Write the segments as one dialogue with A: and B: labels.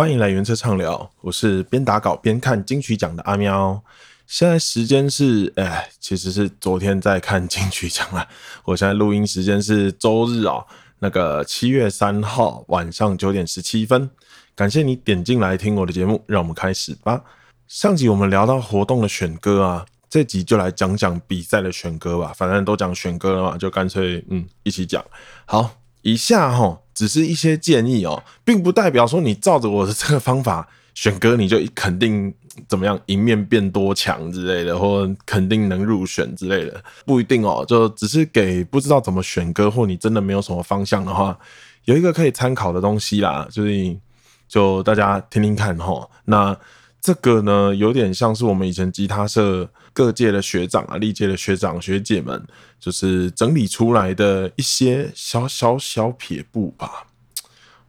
A: 歡迎來原車唱聊，我是邊打稿邊看金曲獎的阿喵。現在時間是，哎，其實是昨天在看金曲獎啦,我現在錄音時間是周日哦，那個七月三號晚上九點十七分。感謝你點進來聽我的節目，讓我們開始吧。上集我們聊到活動的選歌啊，這集就來講講比賽的選歌吧。反正都講選歌了嘛，就乾脆嗯一起講。好。以下哈、哦、只是一些建議哦，並不代表說你照着我的這個方法選歌，你就肯定怎麼樣贏面變多強之類的，或肯定能入選之類的，不一定哦。就只是給不知道怎麼選歌或你真的沒有什麼方向的話，有一個可以參考的東西啦，所以就大家聽聽看哈、哦。那。這個呢，有點像是我們以前吉他社各屆的學長啊、歷屆的學長學姐們，就是整理出來的一些小小小撇步吧，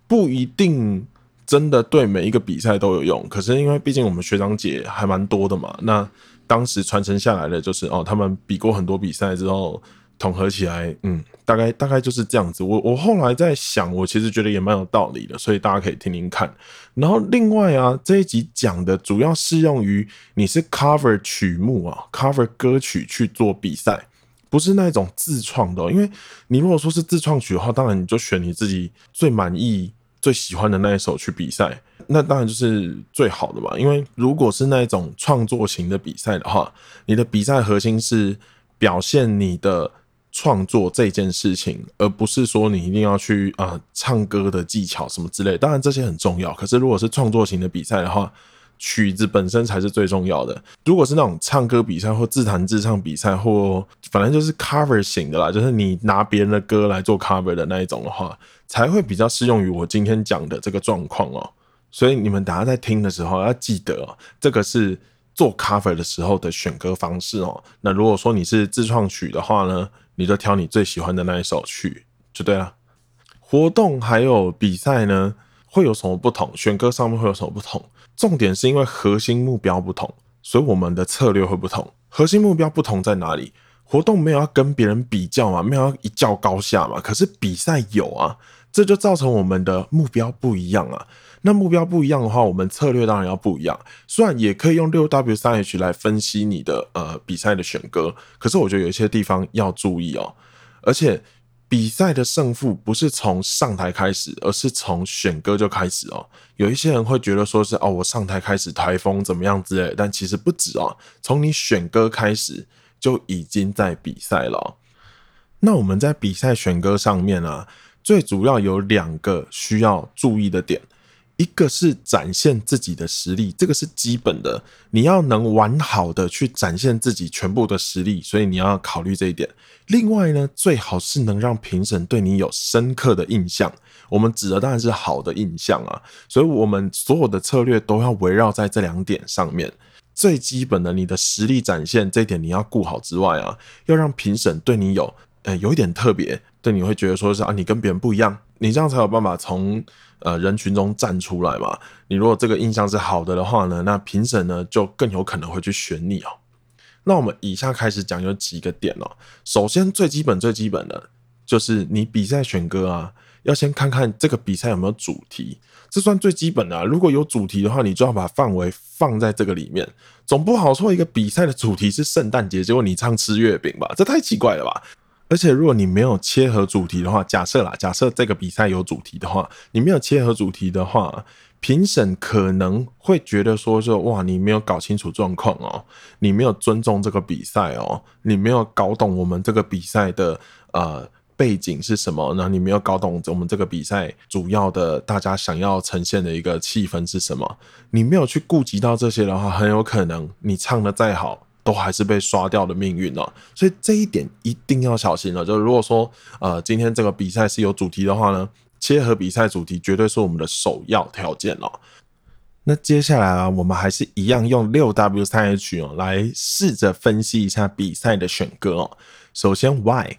A: 不一定真的對每一個比賽都有用。可是因為畢竟我們學長姐還蠻多的嘛，那當時傳承下來的就是哦，他們比過很多比賽之後，統合起來，嗯。大概大概就是這樣子。我我後來在想，我其實覺得也蠻有道理的，所以大家可以聽聽看。然後另外啊，這一集講的主要適用於你是 cover 曲目啊，cover 歌曲去做比賽，不是那一種自創的哦。因為你如果說是自創曲的話，當然你就選你自己最滿意、最喜歡的那一首去比賽，那當然就是最好的吧。因為如果是那一種創作型的比賽的話，你的比賽核心是表現你的。創作這件事情，而不是說你一定要去啊、呃、唱歌的技巧什麼之類，當然這些很重要。可是如果是創作型的比賽的話，曲子本身才是最重要的。如果是那種唱歌比賽或自彈自唱比賽或反正就是 cover 型的啦，就是你拿別人的歌來做 cover 的那一種的話，才會比較適用於我今天講的這個狀況哦。所以你們大家在聽的時候要記得、喔，這個是做 cover 的時候的選歌方式哦、喔。那如果說你是自創曲的話呢？你就挑你最喜歡的那一首去就對了。活動還有比賽呢，會有什麼不同？選歌上面會有什麼不同？重點是因為核心目標不同，所以我們的策略會不同。核心目標不同在哪裡？活動沒有要跟別人比較嘛，沒有要一較高下嘛。可是比賽有啊，這就造成我們的目標不一樣啊。那目標不一樣的話，我們策略當然要不一樣。雖然也可以用六 W 三 H 來分析你的呃比賽的選歌，可是我覺得有一些地方要注意哦。而且比賽的勝負不是從上台開始，而是從選歌就開始哦。有一些人會覺得說是哦，我上台開始台風怎麼樣之類，但其實不止哦，從你選歌開始就已經在比賽了哦。那我們在比賽選歌上面啊，最主要有兩個需要注意的點。一個是展現自己的實力，這個是基本的，你要能完好的去展現自己全部的實力，所以你要考慮這一點。另外呢，最好是能讓評審對你有深刻的印象。我們指的當然是好的印象啊，所以我們所有的策略都要圍繞在這兩點上面。最基本的，你的實力展現這一點你要顧好之外啊，要讓評審對你有，呃、欸，有一點特別，對你會覺得說是啊，你跟別人不一樣，你這樣才有辦法從。呃，人群中站出來嘛，你如果這個印象是好的的話呢，那評審呢就更有可能會去選你哦。那我們以下開始講有幾個點哦。首先最基本最基本的，就是你比賽選歌啊，要先看看這個比賽有沒有主題，這算最基本的啊。如果有主題的話，你就要把範圍放在這個裡面，總不好說一個比賽的主題是聖誕節，結果你唱吃月餅吧，這太奇怪了吧。而且，如果你沒有切合主題的話，假設啦，假設這個比賽有主題的話，你沒有切合主題的話，評審可能會覺得說就，就哇，你沒有搞清楚狀況哦，你沒有尊重這個比賽哦，你沒有搞懂我們這個比賽的呃背景是什麼，然後你沒有搞懂我們這個比賽主要的大家想要呈現的一個氣氛是什麼，你沒有去顧及到這些的話，很有可能你唱的再好，都還是被刷掉的命運哦，所以這一點一定要小心了哦。就如果說呃今天這個比賽是有主題的話呢，切合比賽主題絕對是我們的首要條件哦。那接下來啊，我們還是一樣用六 W 三 H 哦來試着分析一下比賽的選歌哦。首先 Why，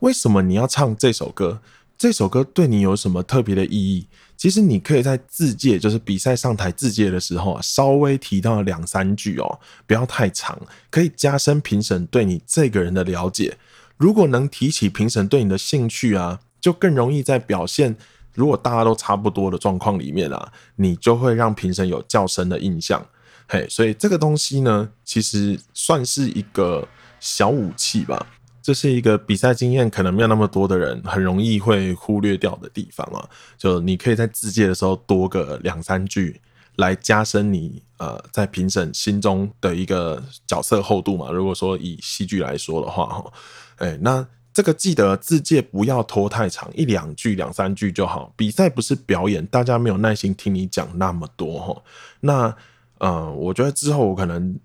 A: 為什麼你要唱這首歌？這首歌對你有什麼特別的意義？其實你可以在自介，就是比賽上台自介的時候啊，稍微提到兩三句哦、喔，不要太長，可以加深評審對你這個人的了解。如果能提起評審對你的興趣啊，就更容易在表現如果大家都差不多的狀況裡面啊，你就會讓評審有較深的印象。嘿，所以這個東西呢，其實算是一個小武器吧。這是一個比賽經驗可能沒有那麼多的人很容易會忽略掉的地方啊！就你可以在自介的時候多個兩三句，來加深你呃在評審心中的一個角色厚度嘛。如果說以戲劇來說的話，哈，誒，那這個記得自介不要拖太長，一兩句兩三句就好。比賽不是表演，大家沒有耐心聽你講那麼多哈。那呃，我覺得之後我可能。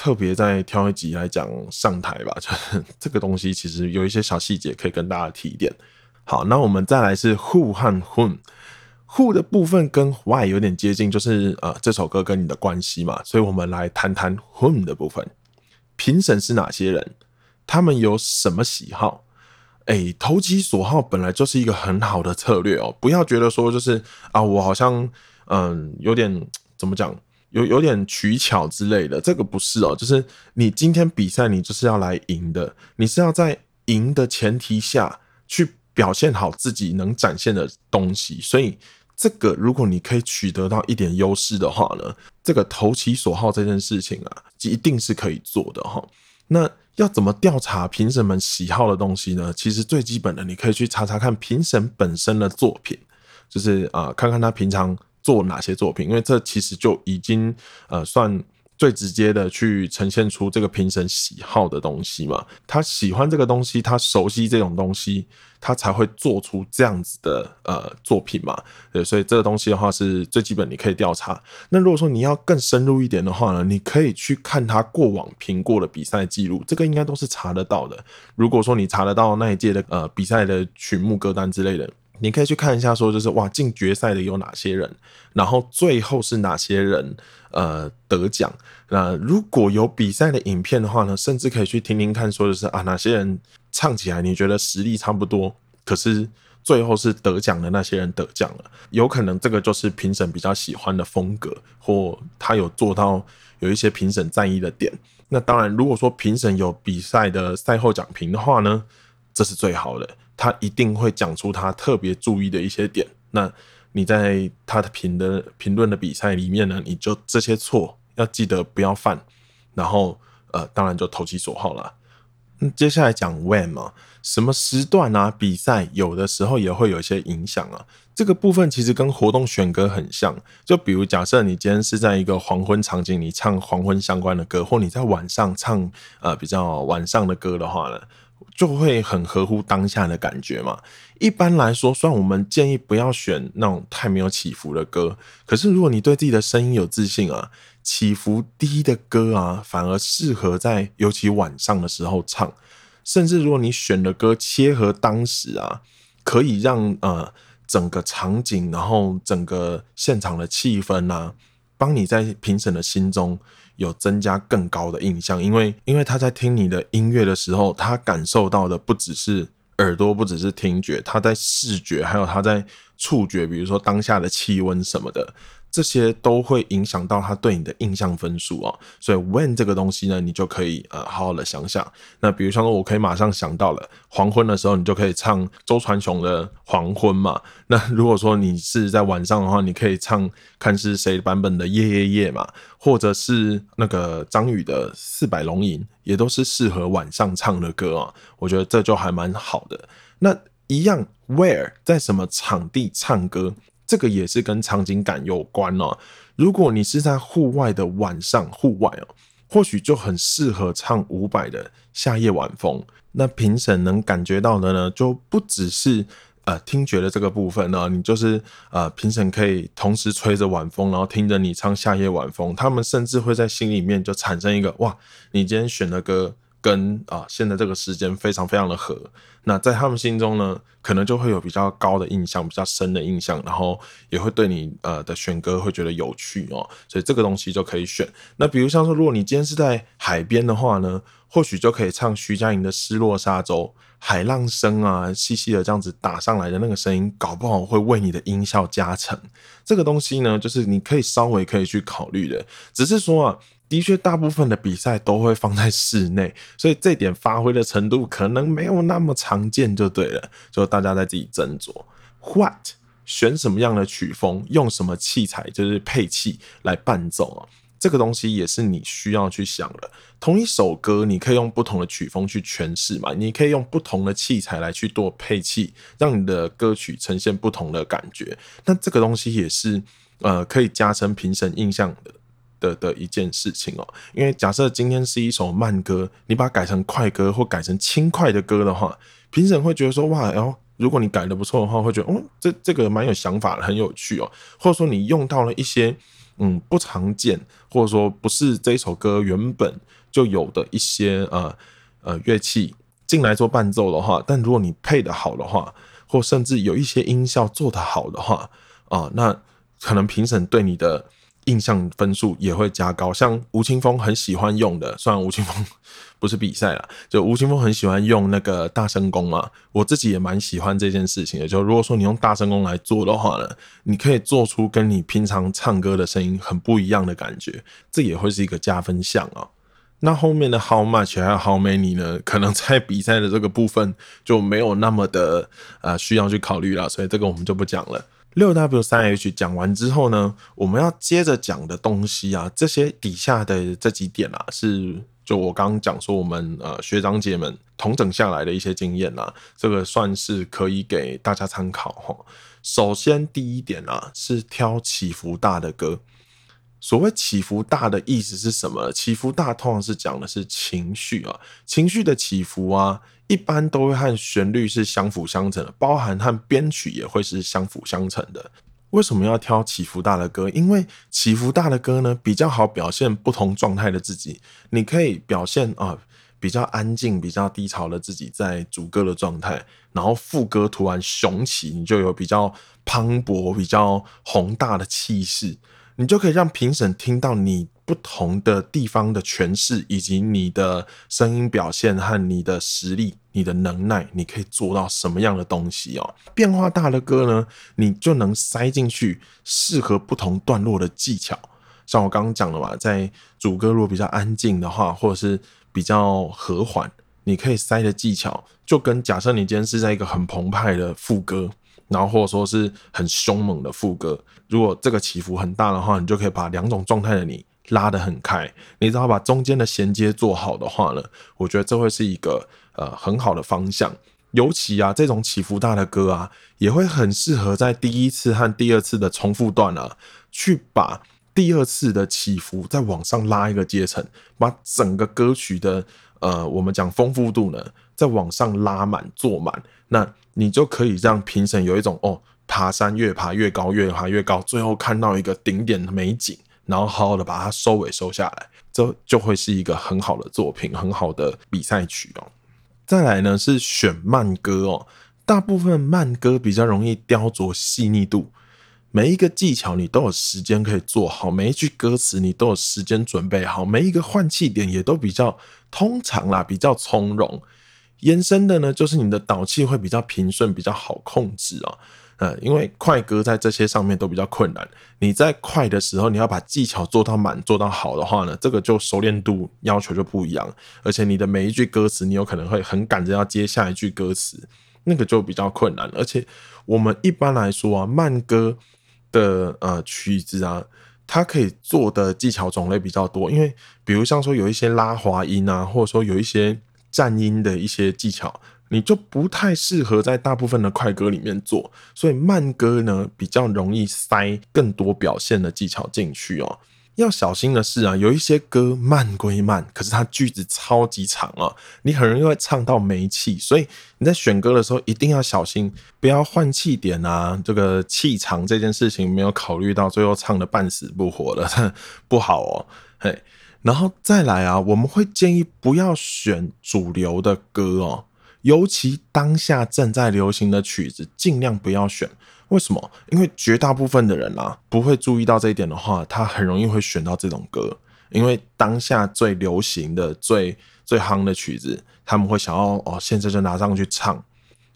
A: 特別再挑一集來講上台吧，就是、這個東西其實有一些小細節可以跟大家提一點。好，那我們再來是 Who 和 Whom。Who 的部分跟 Why 有點接近，就是呃這首歌跟你的關係嘛，所以我們來談談 Whom 的部分。評審是哪些人？他們有什麼喜好？誒、欸，投其所好本來就是一個很好的策略哦、喔，不要覺得說就是啊、呃，我好像嗯、呃、有點怎麼講。有有點取巧之類的，這個不是哦，就是你今天比賽，你就是要來贏的，你是要在贏的前提下去表現好自己能展現的東西。所以這個，如果你可以取得到一點優勢的話呢，這個投其所好這件事情啊，一定是可以做的哈。那要怎麼調查評審們喜好的東西呢？其實最基本的，你可以去查查看評審本身的作品，就是啊，看看他平常。做哪些作品？因為這其實就已經呃算最直接的去呈現出這個評審喜好的東西嘛。他喜歡這個東西，他熟悉這種東西，他才會做出這樣子的呃作品嘛。對，所以這個東西的話是最基本，你可以調查。那如果說你要更深入一點的話呢，你可以去看他過往評過的比賽記錄，這個應該都是查得到的。如果說你查得到那一屆的呃比賽的曲目歌單之類的。你可以去看一下，說就是哇，進決賽的有哪些人，然後最後是哪些人呃得獎？那如果有比賽的影片的話呢，甚至可以去聽聽看，說就是啊哪些人唱起來你覺得實力差不多，可是最後是得獎的那些人得獎了，有可能這個就是評審比較喜歡的風格，或他有做到有一些評審在意的點。那當然，如果說評審有比賽的賽後講評的話呢，這是最好的欸。他一定會講出他特別注意的一些點。那你在他的評的評論的比賽裡面呢，你就這些錯要記得不要犯。然後呃，當然就投其所好了。嗯，接下來講 when 嘛，什麼時段啊？比賽有的時候也會有一些影響啊。這個部分其實跟活動選歌很像。就比如假設你今天是在一個黃昏場景裡唱黃昏相關的歌，或你在晚上唱呃比較晚上的歌的話呢？就會很合乎當下的感覺嘛。一般來說，雖然我們建議不要選那種太沒有起伏的歌，可是如果你對自己的聲音有自信啊，起伏低的歌啊，反而適合在尤其晚上的時候唱。甚至如果你選的歌切合當時啊，可以讓呃整個場景，然後整個現場的氣氛吶、啊，幫你在評審的心中，有增加更高的印象，因為因為他在聽你的音樂的時候，他感受到的不只是耳朵，不只是聽覺，他在視覺，還有他在觸覺，比如說當下的氣溫什麼的。這些都會影響到他對你的印象分數啊、哦，所以 when 這個東西呢，你就可以呃好好的想想。那比如像說，我可以馬上想到了黃昏的時候，你就可以唱周傳雄的《黃昏》嘛。那如果說你是在晚上的話，你可以唱看是誰版本的《夜夜夜》嘛，或者是那個張宇的《四百龍銀》，也都是適合晚上唱的歌啊、哦。我覺得這就還蠻好的。那一樣，where 在什麼場地唱歌？這個也是跟場景感有關哦。如果你是在戶外的晚上，戶外哦，或許就很適合唱伍佰的《夏夜晚風》。那評審能感覺到的呢，就不只是呃聽覺的這個部分呢、呃，你就是呃評審可以同時吹着晚風，然後聽着你唱《夏夜晚風》，他們甚至會在心裡面就產生一個哇，你今天選了歌。跟啊，現在這個時間非常非常的合，那在他們心中呢，可能就會有比較高的印象，比較深的印象，然後也會對你呃的選歌會覺得有趣哦，所以這個東西就可以選。那比如像說，如果你今天是在海邊的話呢，或許就可以唱徐佳瑩的《失落沙洲》，海浪聲啊，細細的這樣子打上來的那個聲音，搞不好會為你的音效加成。這個東西呢，就是你可以稍微可以去考慮的，只是說啊。的確，大部分的比賽都會放在室內，所以這點發揮的程度可能沒有那麼常見，就對了。就大家在自己斟酌。What 選什麼樣的曲風，用什麼器材，就是配器來伴奏啊，這個東西也是你需要去想的。同一首歌，你可以用不同的曲風去詮釋嘛，你可以用不同的器材來去做配器，讓你的歌曲呈現不同的感覺。那這個東西也是呃，可以加深評審印象的。的的一件事情哦，因為假設今天是一首慢歌，你把它改成快歌或改成輕快的歌的話，評審會覺得說哇，然後、哎、如果你改得不錯的話，會覺得哦，這這個蠻有想法的，很有趣哦。或者說你用到了一些嗯不常見，或者說不是這一首歌原本就有的一些呃呃樂器進來做伴奏的話，但如果你配得好的話，或甚至有一些音效做得好的話啊、呃，那可能評審對你的。印象分數也會加高，像吳青峰很喜歡用的，雖然吳青峰不是比賽啦，就吳青峰很喜歡用那個大聲公嘛。我自己也蠻喜歡這件事情的，就如果說你用大聲公來做的話呢，你可以做出跟你平常唱歌的聲音很不一樣的感覺，這也會是一個加分項哦、喔。那後面的 how much 還有 how many 呢？可能在比賽的這個部分就沒有那麼的呃需要去考慮了，所以這個我們就不講了。6W3H 講完之後呢，我們要接着講的東西啊，這些底下的這幾點啊，是就我剛剛講說我們呃學長姐們統整下來的一些經驗啊，這個算是可以給大家參考哈。首先第一點啊，是挑起伏大的歌。所謂起伏大的意思是什麼？起伏大通常是講的是情緒啊，情緒的起伏啊。一般都會和旋律是相輔相成的，包含和編曲也會是相輔相成的。為什麼要挑起伏大的歌？因為起伏大的歌呢，比較好表現不同狀態的自己。你可以表現啊、哦，比較安靜、比較低潮的自己在主歌的狀態，然後副歌突然雄起，你就有比較磅礴、比較宏大的氣勢，你就可以讓評審聽到你。不同的地方的詮釋，以及你的聲音表現和你的實力、你的能耐，你可以做到什麼樣的東西哦、喔？變化大的歌呢，你就能塞進去適合不同段落的技巧。像我剛剛講的吧，在主歌如果比較安靜的話，或者是比較和緩，你可以塞的技巧，就跟假設你今天是在一個很澎湃的副歌，然後或者說是很兇猛的副歌，如果這個起伏很大的話，你就可以把兩種狀態的你。拉得很開，你只要把中間的銜接做好的話呢，我覺得這會是一個呃很好的方向。尤其啊，這種起伏大的歌啊，也會很適合在第一次和第二次的重複段啊，去把第二次的起伏再往上拉一個階層，把整個歌曲的呃我們講豐富度呢，再往上拉滿做滿，那你就可以讓評審有一種哦，爬山越爬越高，越爬越高，最後看到一個頂點的美景。然後好好的把它收尾收下來，這就會是一個很好的作品，很好的比賽曲哦。再來呢是選慢歌哦，大部分慢歌比較容易雕琢細膩度，每一個技巧你都有時間可以做好，每一句歌詞你都有時間準備好，每一個換氣點也都比較通常啦，比較從容。延伸的呢，就是你的導氣會比較平順，比較好控制哦。呃、嗯，因為快歌在這些上面都比較困難。你在快的時候，你要把技巧做到滿、做到好的話呢，這個就熟練度要求就不一樣。而且你的每一句歌詞，你有可能會很趕着要接下一句歌詞，那個就比較困難。而且我們一般來說啊，慢歌的呃曲子啊，它可以做的技巧種類比較多。因為比如像說有一些拉滑音啊，或者說有一些顫音的一些技巧。你就不太適合在大部分的快歌裡面做，所以慢歌呢比較容易塞更多表現的技巧進去哦。要小心的是啊，有一些歌慢歸慢，可是它句子超級長哦，你很容易會唱到沒氣。所以你在選歌的時候一定要小心，不要換氣點啊，這個氣長這件事情沒有考慮到，最後唱的半死不活的呵呵，不好哦。嘿，然後再來啊，我們會建議不要選主流的歌哦。尤其當下正在流行的曲子，盡量不要選。為什麼？因為絕大部分的人啊，不會注意到這一點的話，他很容易會選到這種歌。因為當下最流行的、最最夯的曲子，他們會想要哦，現在就拿上去唱。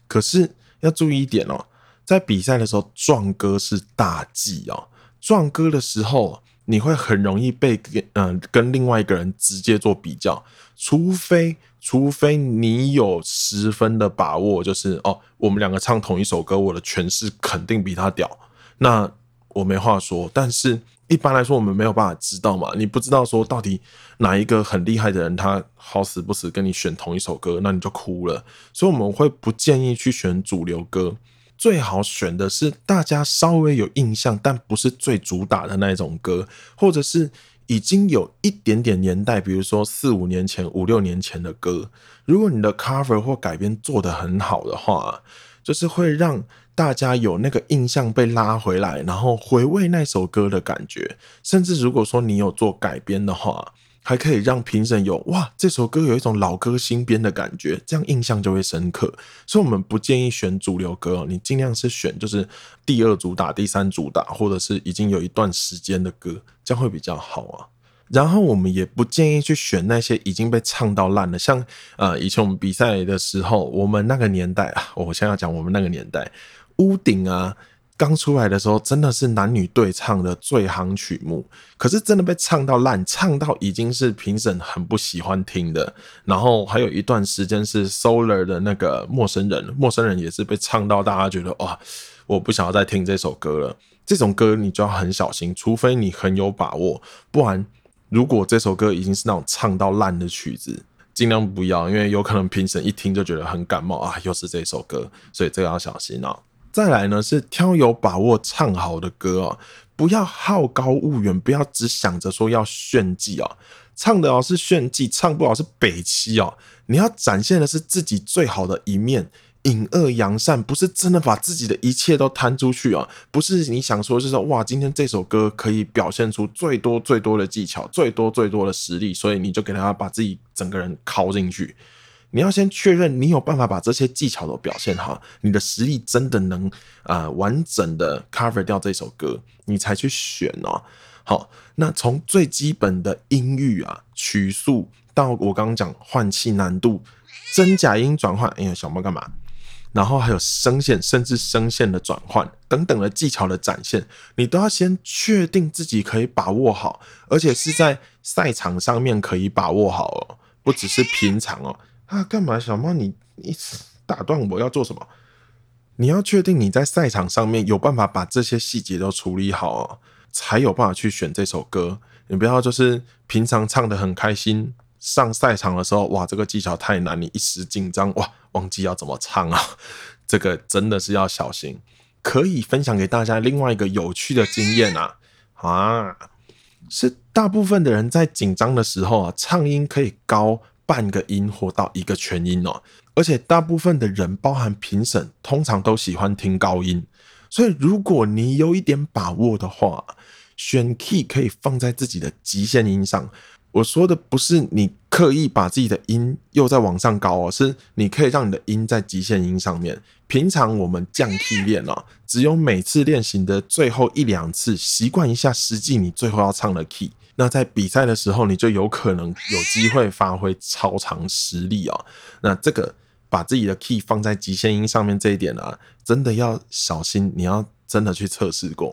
A: 可是要注意一點哦，在比賽的時候，撞歌是大忌哦。撞歌的時候。你會很容易被跟嗯、呃、跟另外一個人直接做比較，除非除非你有十分的把握，就是哦我們兩個唱同一首歌，我的詮釋肯定比他屌，那我沒話說。但是一般來說，我們沒有辦法知道嘛，你不知道說到底哪一個很厲害的人，他好死不死跟你選同一首歌，那你就哭了。所以我們會不建議去選主流歌。最好選的是大家稍微有印象，但不是最主打的那種歌，或者是已經有一點點年代，比如說四五年前，五六年前的歌。如果你的 cover 或改編做得很好的話，就是會讓大家有那個印象被拉回來，然後回味那首歌的感覺。甚至如果說你有做改編的話，還可以讓評審有，哇，這首歌有一種老歌新編的感覺，這樣印象就會深刻。所以，我們不建議選主流歌哦，你盡量是選就是第二主打、第三主打，或者是已經有一段時間的歌，這樣會比較好啊。然後，我們也不建議去選那些已經被唱到爛了，像呃，以前我們比賽的時候，我們那個年代啊，我現在要講我們那個年代，屋頂啊。剛出來的時候，真的是男女對唱的最夯曲目，可是真的被唱到爛，唱到已經是評審很不喜歡聽的。然後還有一段時間是 Solar 的那個陌生人，陌生人也是被唱到大家覺得哇、哦，我不想要再聽這首歌了。這種歌你就要很小心，除非你很有把握，不然如果這首歌已經是那種唱到爛的曲子，儘量不要，因為有可能評審一聽就覺得很感冒啊，又是這首歌，所以這個要小心啊。再來呢是挑有把握唱好的歌啊，不要好高騖遠，不要只想着說要炫技啊，唱得好是炫技，唱不好是北七哦、啊。你要展現的是自己最好的一面，隱惡揚善，不是真的把自己的一切都攤出去啊，不是你想說是說哇，今天這首歌可以表現出最多最多的技巧，最多最多的實力，所以你就給他把自己整個人拷進去。你要先確認你有辦法把這些技巧都表現好，你的實力真的能啊、呃、完整的 cover 掉這首歌，你才去選哦。好，那從最基本的音域啊、曲速到我剛剛講換氣難度、真假音轉換，哎、欸、呦，小貓幹嘛？然後還有聲線，甚至聲線的轉換等等的技巧的展現，你都要先確定自己可以把握好，而且是在賽場上面可以把握好哦，不只是平常哦。啊，幹嘛，小貓？你你打斷我，要做什麼？你要確定你在賽場上面有辦法把這些細節都處理好哦，才有辦法去選這首歌。你不要就是平常唱得很開心，上賽場的時候，哇，這個技巧太難，你一時緊張，哇，忘記要怎麼唱啊。這個真的是要小心。可以分享給大家另外一個有趣的經驗啊，啊，是大部分的人在緊張的時候啊，唱音可以高半個音或到一個全音哦，而且大部分的人，包含評審，通常都喜歡聽高音，所以如果你有一點把握的話，選 key 可以放在自己的極限音上。我說的不是你刻意把自己的音又再往上高哦，是你可以讓你的音在極限音上面。平常我們降 key 練哦，只有每次練習的最後一兩次，習慣一下實際你最後要唱的 key。那在比賽的時候，你就有可能有機會發揮超常實力哦。那這個把自己的 key 放在極限音上面這一點啊，真的要小心。你要真的去測試過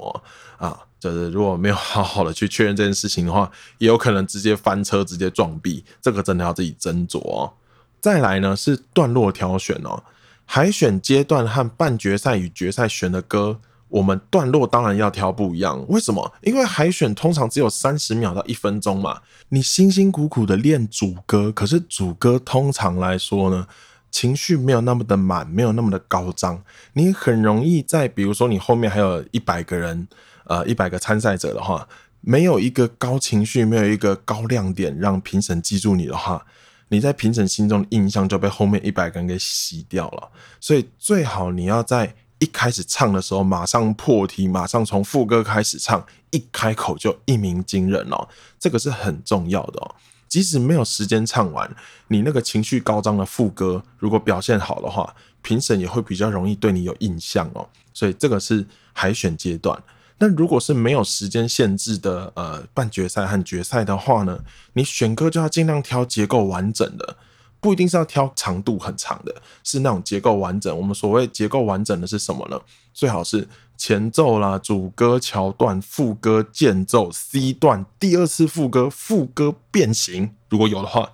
A: 哦。啊，就是如果沒有好好的去確認這件事情的話，也有可能直接翻車，直接撞壁。這個真的要自己斟酌哦。再來呢，是段落挑選哦，海選階段和半決賽與決賽選的歌。我們段落當然要挑不一樣，為什麼？因為海選通常只有三十秒到一分鐘嘛。你辛辛苦苦的練主歌，可是主歌通常來說呢，情緒沒有那麼的滿，沒有那麼的高漲。你很容易在，比如說你後面還有一百個人，呃，一百個參賽者的話，沒有一個高情緒，沒有一個高亮點，讓評審記住你的話，你在評審心中的印象就被後面一百個人給洗掉了。所以最好你要在。一開始唱的時候，馬上破題，馬上從副歌開始唱，一開口就一鳴驚人哦，這個是很重要的哦。即使沒有時間唱完，你那個情緒高漲的副歌，如果表現好的話，評審也會比較容易對你有印象哦。所以這個是海選階段。那如果是沒有時間限制的，呃，半決賽和決賽的話呢，你選歌就要盡量挑結構完整的。不一定是要挑長度很長的，是那種結構完整。我們所謂結構完整的是什麼呢？最好是前奏啦、主歌、橋段、副歌、間奏、C 段、第二次副歌、副歌變形，如果有的話，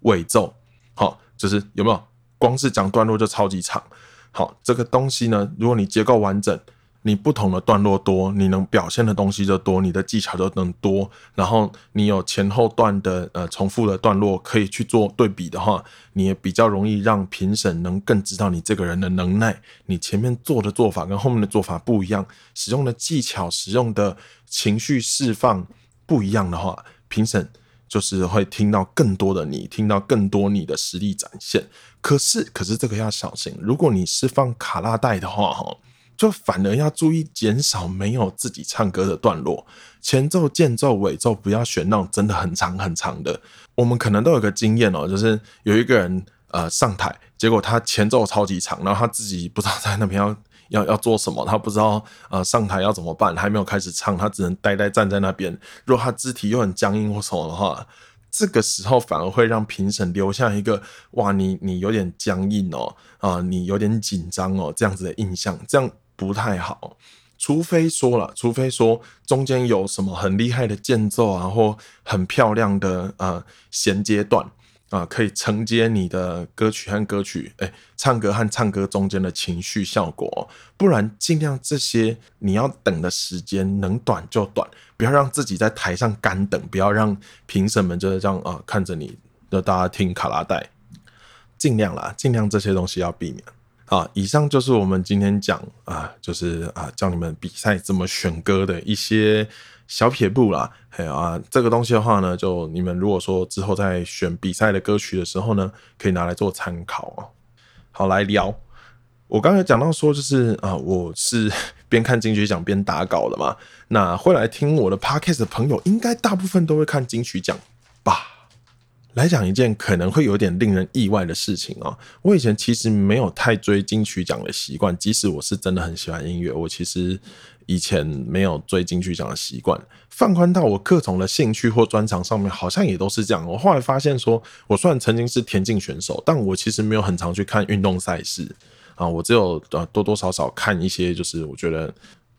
A: 尾奏。好，就是，有沒有，光是講段落就超級長。好，這個東西呢，如果你結構完整。你不同的段落多，你能表現的東西就多，你的技巧就能多。然後你有前後段的呃重複的段落可以去做對比的話，你也比較容易讓評審能更知道你這個人的能耐。你前面做的做法跟後面的做法不一樣，使用的技巧、使用的情緒釋放不一樣的話，評審就是會聽到更多的你，聽到更多你的實力展現。可是，可是這個要小心，如果你釋放卡拉帶的話，哈。就反而要注意減少沒有自己唱歌的段落，前奏、間奏、尾奏不要選那種真的很長很長的。我們可能都有個經驗哦，就是有一個人呃上台，結果他前奏超級長，然後他自己不知道在那邊要要要做什麼，他不知道呃上台要怎麼辦，還沒有開始唱，他只能呆呆站在那邊。如果他肢體又很僵硬或什麼的話，這個時候反而會讓評審留下一個“哇，你你有點僵硬哦，啊，你有點緊張哦”這樣子的印象，這樣。不太好，除非說了，除非說中間有什麼很厲害的間奏啊，或很漂亮的呃銜接段啊、呃，可以承接你的歌曲和歌曲，誒、欸，唱歌和唱歌中間的情緒效果、喔，不然儘量這些你要等的時間能短就短，不要讓自己在台上乾等，不要讓評審們就這樣啊、呃、看着你的大家聽卡拉帶，儘量啦，儘量這些東西要避免。啊，以上就是我們今天講啊，就是啊，教你們比賽怎麼選歌的一些小撇步啦。還有啊，這個東西的話呢，就你們如果說之後在選比賽的歌曲的時候呢，可以拿來做參考哦。好，來聊。我剛才講到說，就是啊，我是邊看金曲獎邊打稿的嘛。那會來聽我的 Podcast 的朋友，應該大部分都會看金曲獎。來講一件可能會有點令人意外的事情啊！我以前其實沒有太追金曲獎的習慣，即使我是真的很喜歡音樂，我其實以前沒有追金曲獎的習慣。放寬到我各種的興趣或專長上面，好像也都是這樣。我後來發現說，我雖然曾經是田徑選手，但我其實沒有很常去看運動賽事啊，我只有呃多多少少看一些，就是我覺得。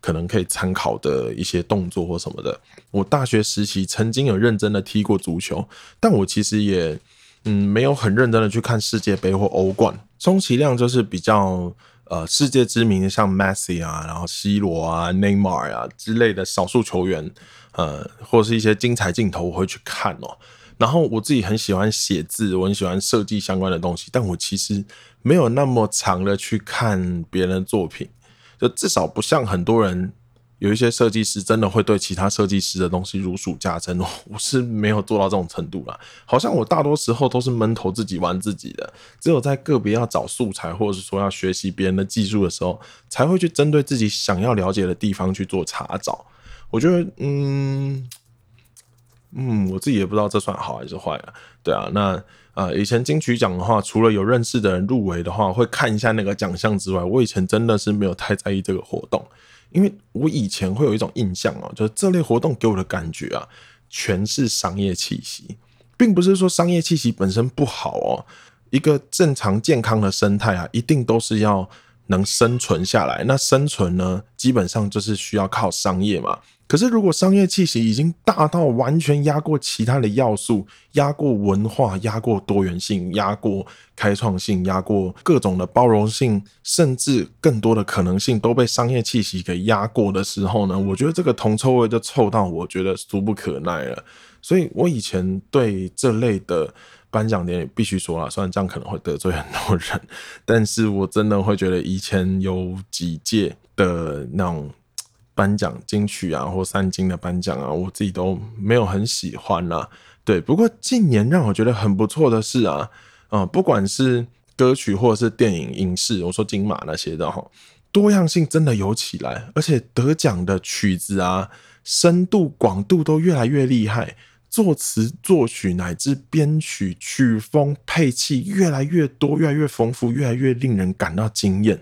A: 可能可以參考的一些動作或什麼的。我大學時期曾經有認真的踢過足球，但我其實也嗯沒有很認真的去看世界杯或歐冠，充其量就是比較呃世界知名的像 Messi 啊，然後 C 羅啊、內馬爾啊之類的少數球員，呃，或是一些精彩鏡頭我會去看哦、喔。然後我自己很喜歡寫字，我很喜歡設計相關的東西，但我其實沒有那麼常的去看別人的作品。至少不像很多人，有一些設計師真的會對其他設計師的東西如數家珍哦，我是沒有做到這種程度啦。好像我大多時候都是悶頭自己玩自己的，只有在個別要找素材或者是說要學習別人的技術的時候，才會去針對自己想要了解的地方去做查找。我覺得，嗯，嗯，我自己也不知道這算好還是壞了啊。對啊，那。呃，以前金曲獎的話，除了有認識的人入圍的話，會看一下那個獎項之外，我以前真的是沒有太在意這個活動，因為我以前會有一種印象哦，就是這類活動給我的感覺啊，全是商業氣息，並不是說商業氣息本身不好哦，一個正常健康的生態啊，一定都是要。能生存下來，那生存呢，基本上就是需要靠商業嘛。可是如果商業氣息已經大到完全壓過其他的要素，壓過文化，壓過多元性，壓過開創性，壓過各種的包容性，甚至更多的可能性都被商業氣息給壓過的時候呢，我覺得這個銅臭味就臭到我覺得俗不可耐了。所以我以前對這類的。頒獎典禮必須說了，雖然這樣可能會得罪很多人，但是我真的會覺得以前有幾屆的那種頒獎金曲啊，或三金的頒獎啊，我自己都沒有很喜歡啦、啊。對，不過近年讓我覺得很不錯的是啊，啊、呃，不管是歌曲或者是電影影視，我說金馬那些的哈，多樣性真的有起來，而且得獎的曲子啊，深度廣度都越來越厲害。作詞、作曲乃至編曲、曲風、配器越來越多、越來越豐富、越來越令人感到驚艷。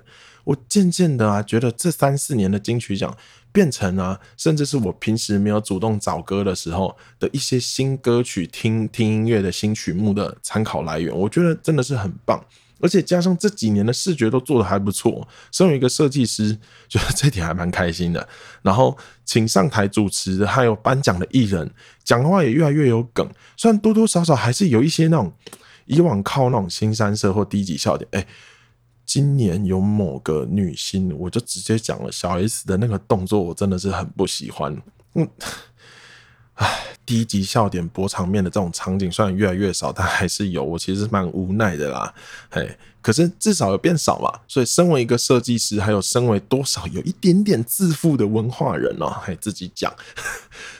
A: 我漸漸的啊，覺得這三四年的金曲獎變成啊，甚至是我平時沒有主動找歌的時候的一些新歌曲、聽聽音樂的新曲目的參考來源。我覺得真的是很棒。而且加上這幾年的視覺都做得還不錯，身為一個設計師，覺得這點還蠻開心的。然後請上台主持還有頒獎的藝人，講的話也越來越有梗，雖然多多少少還是有一些那種以往靠那種腥羶色或低級笑點。哎，今年有某個女星，我就直接講了小 S 的那個動作，我真的是很不喜歡。嗯。唉，低級笑點、博場面的這種場景雖然越來越少，但還是有。我其實蠻無奈的啦，嘿，可是至少有變少嘛。所以，身為一個設計師，還有身為多少有一點點自負的文化人哦，嘿，自己講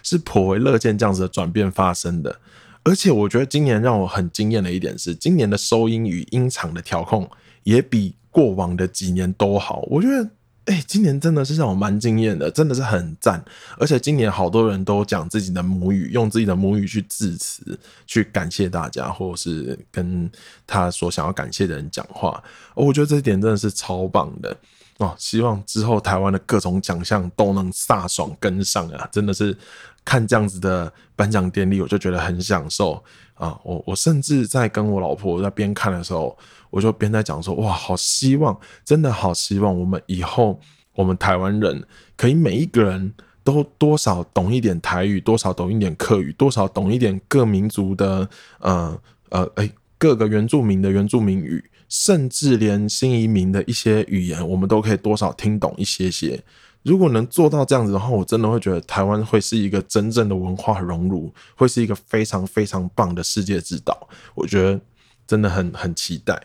A: 是頗為樂見這樣子的轉變發生的。而且，我覺得今年讓我很驚艷的一點是，今年的收音與音場的調控也比過往的幾年都好。我覺得。哎、欸，今年真的是讓我蠻驚艷的，真的是很讚。而且今年好多人都講自己的母語，用自己的母語去致辭，去感謝大家，或是跟他所想要感謝的人講話，哦。我覺得這一點真的是超棒的哦！希望之後台灣的各種獎項都能颯爽跟上啊！真的是看這樣子的頒獎典禮，我就覺得很享受。啊，我我甚至在跟我老婆我在邊看的時候，我就邊在講說，哇，好希望，真的好希望，我們以後我們台灣人可以每一個人都多少懂一點台語，多少懂一點客語，多少懂一點各民族的，呃呃，哎、欸，各個原住民的原住民語，甚至連新移民的一些語言，我們都可以多少聽懂一些些。如果能做到這樣子的話，我真的會覺得台灣會是一個真正的文化熔爐，會是一個非常非常棒的世界之島。我覺得真的很很期待。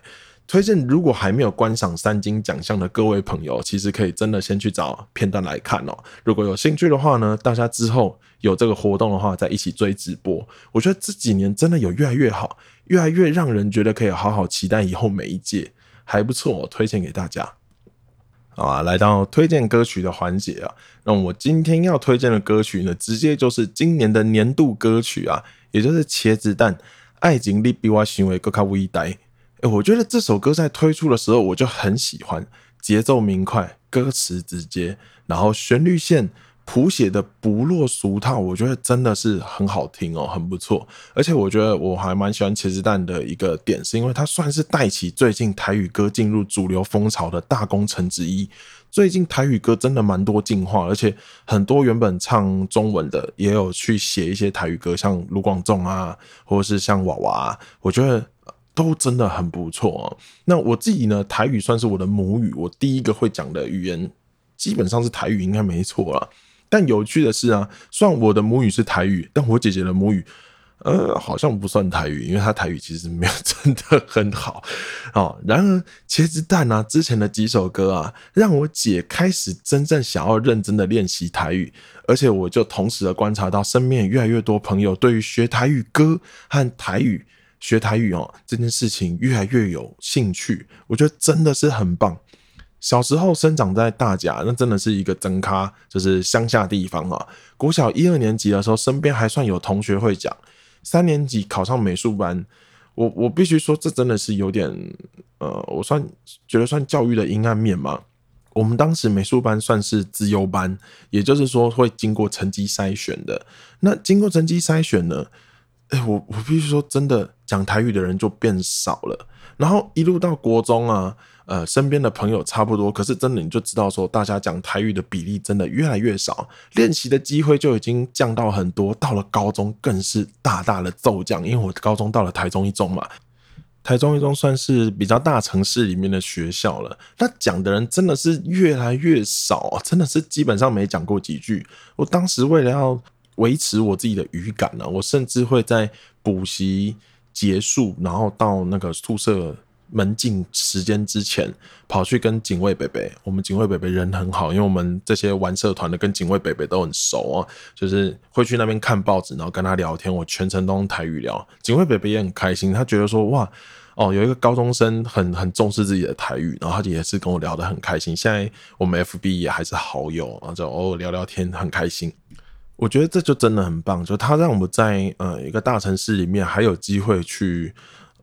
A: 推薦如果還沒有觀賞三金獎項的各位朋友，其實可以真的先去找片段來看哦、喔。如果有興趣的話呢，大家之後有這個活動的話再一起追直播。我覺得這幾年真的有越來越好，越來越讓人覺得可以好好期待以後每一屆還不錯、喔，我推薦給大家。啊，來到推薦歌曲的環節啊，那我今天要推薦的歌曲呢，直接就是今年的年度歌曲啊，也就是《茄子蛋愛情你比我想的閣較偉大》。哎，我覺得這首歌在推出的時候我就很喜歡，節奏明快，歌詞直接，然後旋律線。譜寫的不落俗套，我覺得真的是很好聽哦，很不錯。而且我覺得我還蠻喜歡茄子蛋的一個點，是因為它算是帶起最近台語歌進入主流風潮的大功臣之一。最近台語歌真的蠻多進化，而且很多原本唱中文的也有去寫一些台語歌，像盧廣仲啊，或者是像娃娃啊，我覺得都真的很不錯哦。那我自己呢，台語算是我的母語，我第一個會講的語言基本上是台語，應該沒錯了。但有趣的是啊，雖然我的母語是台語，但我姐姐的母語，呃，好像不算台語，因為她台語其實沒有真的很好哦，然而，茄子蛋呢、啊、之前的幾首歌啊，讓我姐開始真正想要認真的練習台語，而且我就同時的觀察到，身邊越來越多朋友對於學台語歌和台語學台語哦、啊、這件事情越來越有興趣，我覺得真的是很棒。小時候生長在大甲，那真的是一個增咖，就是鄉下地方啊。國小一二年級的時候，身邊還算有同學會講。三年級考上美術班，我我必須說，這真的是有點呃，我算覺得算教育的陰暗面嘛。我們當時美術班算是資優班，也就是說會經過成績篩選的。那經過成績篩選呢，哎、欸，我我必須說，真的講台語的人就變少了。然後一路到國中啊。呃，身邊的朋友差不多，可是真的你就知道，說大家講台語的比例真的越來越少，練習的機會就已經降到很多，到了高中更是大大的驟降。因為我高中到了台中一中嘛，台中一中算是比較大城市裡面的學校了，那講的人真的是越來越少，真的是基本上沒講過幾句。我當時為了要維持我自己的語感呢、啊，我甚至會在補習結束，然後到那個宿舍。門禁時間之前跑去跟警衛北北，我們警衛北北人很好，因為我們這些玩社團的跟警衛北北都很熟啊，就是會去那邊看報紙，然後跟他聊天，我全程都用台語聊。警衛北北也很開心，他覺得說哇哦，有一個高中生很很重視自己的台語，然後他也是跟我聊得很開心。現在我們 FB 也還是好友，然後就偶爾、哦、聊聊天，很開心。我覺得這就真的很棒，就他讓我們在呃一個大城市裡面還有機會去。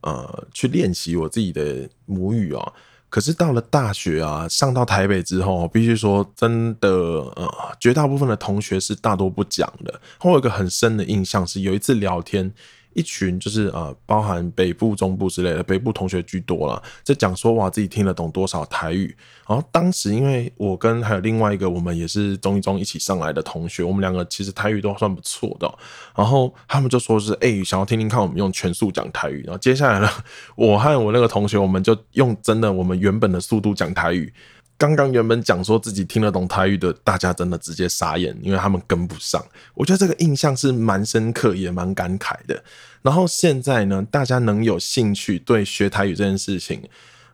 A: 呃，去練習我自己的母語哦、啊。可是到了大學啊，上到台北之後，必須說真的，呃，絕大部分的同學是大多不講的。我有一個很深的印象，是有一次聊天。一群就是呃，包含北部、中部之類的，北部同學居多了，就講說，哇，自己聽得懂多少台語。然後當時因為我跟還有另外一個，我們也是中一中一起上來的同學，我們兩個其實台語都算不錯的。然後他們就說是哎、欸，想要聽聽看我們用全速講台語。然後接下來呢，我和我那個同學，我們就用真的我們原本的速度講台語。剛剛原本講說自己聽得懂台語的大家，真的直接傻眼，因為他們跟不上。我覺得這個印象是蠻深刻，也蠻感慨的。然後現在呢，大家能有興趣對學台語這件事情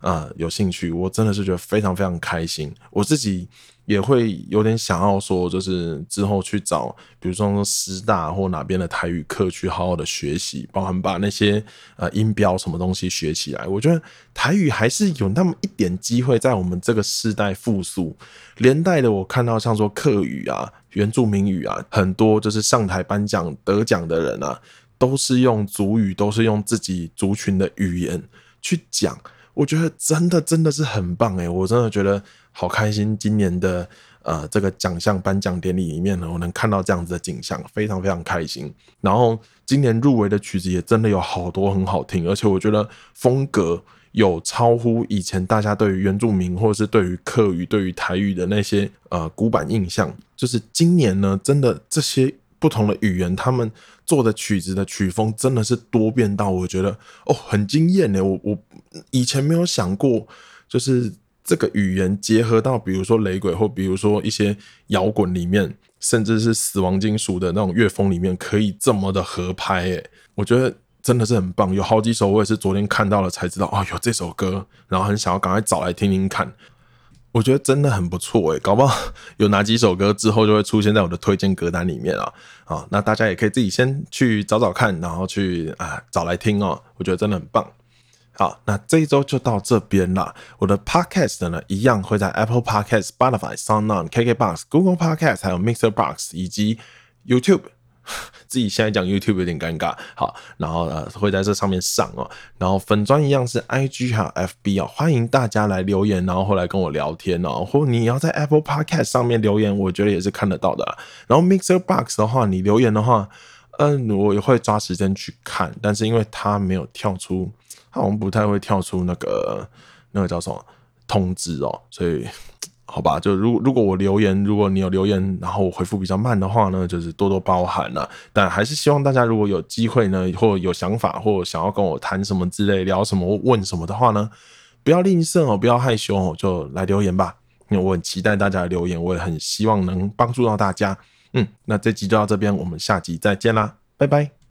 A: 啊、呃、有興趣，我真的是覺得非常非常開心。我自己。也會有點想要說，就是之後去找，比如說師大或哪邊的台語課去好好的學習，包含把那些呃音標什麼東西學起來。我覺得台語還是有那麼一點機會在我們這個時代復甦。連帶的，我看到像說客語啊、原住民語啊，很多就是上台頒獎得獎的人啊，都是用族語，都是用自己族群的語言去講。我覺得真的真的是很棒哎、欸，我真的覺得好開心。今年的呃這個獎項頒獎典禮裡面呢，我能看到這樣子的景象，非常非常開心。然後今年入圍的曲子也真的有好多很好聽，而且我覺得風格有超乎以前大家對於原住民或者是對於客語、對於台語的那些呃古板印象。就是今年呢，真的這些。不同的語言，他們做的曲子的曲風真的是多變到我覺得哦，很驚艷嘞！我我以前沒有想過，就是這個語言結合到，比如說雷鬼，或比如說一些搖滾裡面，甚至是死亡金屬的那種樂風裡面，可以這麼的合拍誒！我覺得真的是很棒。有好幾首我也是昨天看到了才知道，哦，有這首歌，然後很想要趕快找來聽聽看。我覺得真的很不錯、欸、搞不好有哪幾首歌之後就會出現在我的推薦歌單裡面啊啊，那大家也可以自己先去找找看，然後去啊找來聽哦。我覺得真的很棒。好，那這一周就到這邊了。我的 Podcast 呢，一樣會在 Apple Podcast、Spotify、SoundOn、KKBox、Google Podcast 還有 Mixer Box 以及 YouTube。自己現在講 YouTube 有點尷尬，好，然後呢，會在這上面上哦、喔，然後粉專一樣是 IG 還有 FB 哦、喔，歡迎大家來留言，然後後來跟我聊天哦、喔，或你要在 Apple Podcast 上面留言，我覺得也是看得到的。然後 Mixer Box 的話，你留言的話，嗯，我也會抓時間去看，但是因為它沒有跳出，它好像不太會跳出那個那個叫什麼通知哦、喔，所以。好吧，就如如果我留言，如果你有留言，然後我回復比較慢的話呢，就是多多包涵了啊。但還是希望大家如果有機會呢，或有想法，或想要跟我談什麼之類、聊什麼，問什麼的話呢，不要吝嗇哦，不要害羞哦，就來留言吧，因為我很期待大家的留言，我也很希望能幫助到大家。嗯，那這集就到這邊，我們下集再見啦，拜拜。